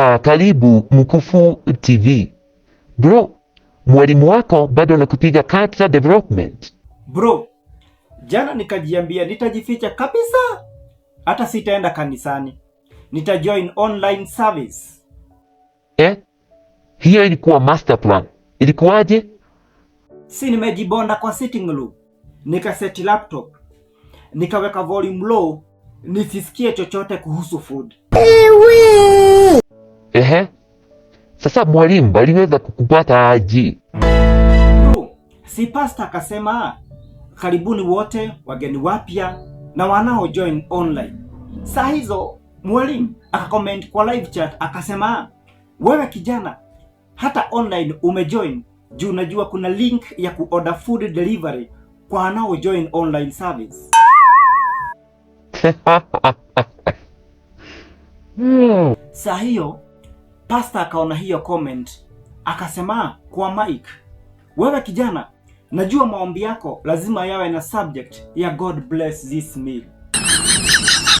Uh, karibu Mkufu TV. Bro, mwalimu wako bado anakupiga character development. Bro, jana nikajiambia nitajificha kabisa, hata sitaenda kanisani, nitajoin online service. Eh, hiyo ilikuwa master plan. Ilikuwaje? Si nimejibonda kwa sitting room, nikaseti laptop, nikaweka volume low, nisisikie chochote kuhusu food. Ewe. Ehe. Sasa mwalimu aliweza kukupata aji? Si pasta akasema karibuni wote wageni wapya na wanao join online. Saa hizo mwalimu akakoment kwa live chat akasema, wewe kijana, hata online umejoin juu najua kuna link ya kuorder food delivery kwa wanao join online service. Saa hiyo pasta akaona hiyo comment akasema kwa Mike, wewe kijana, najua maombi yako lazima yawe na subject ya God bless this meal.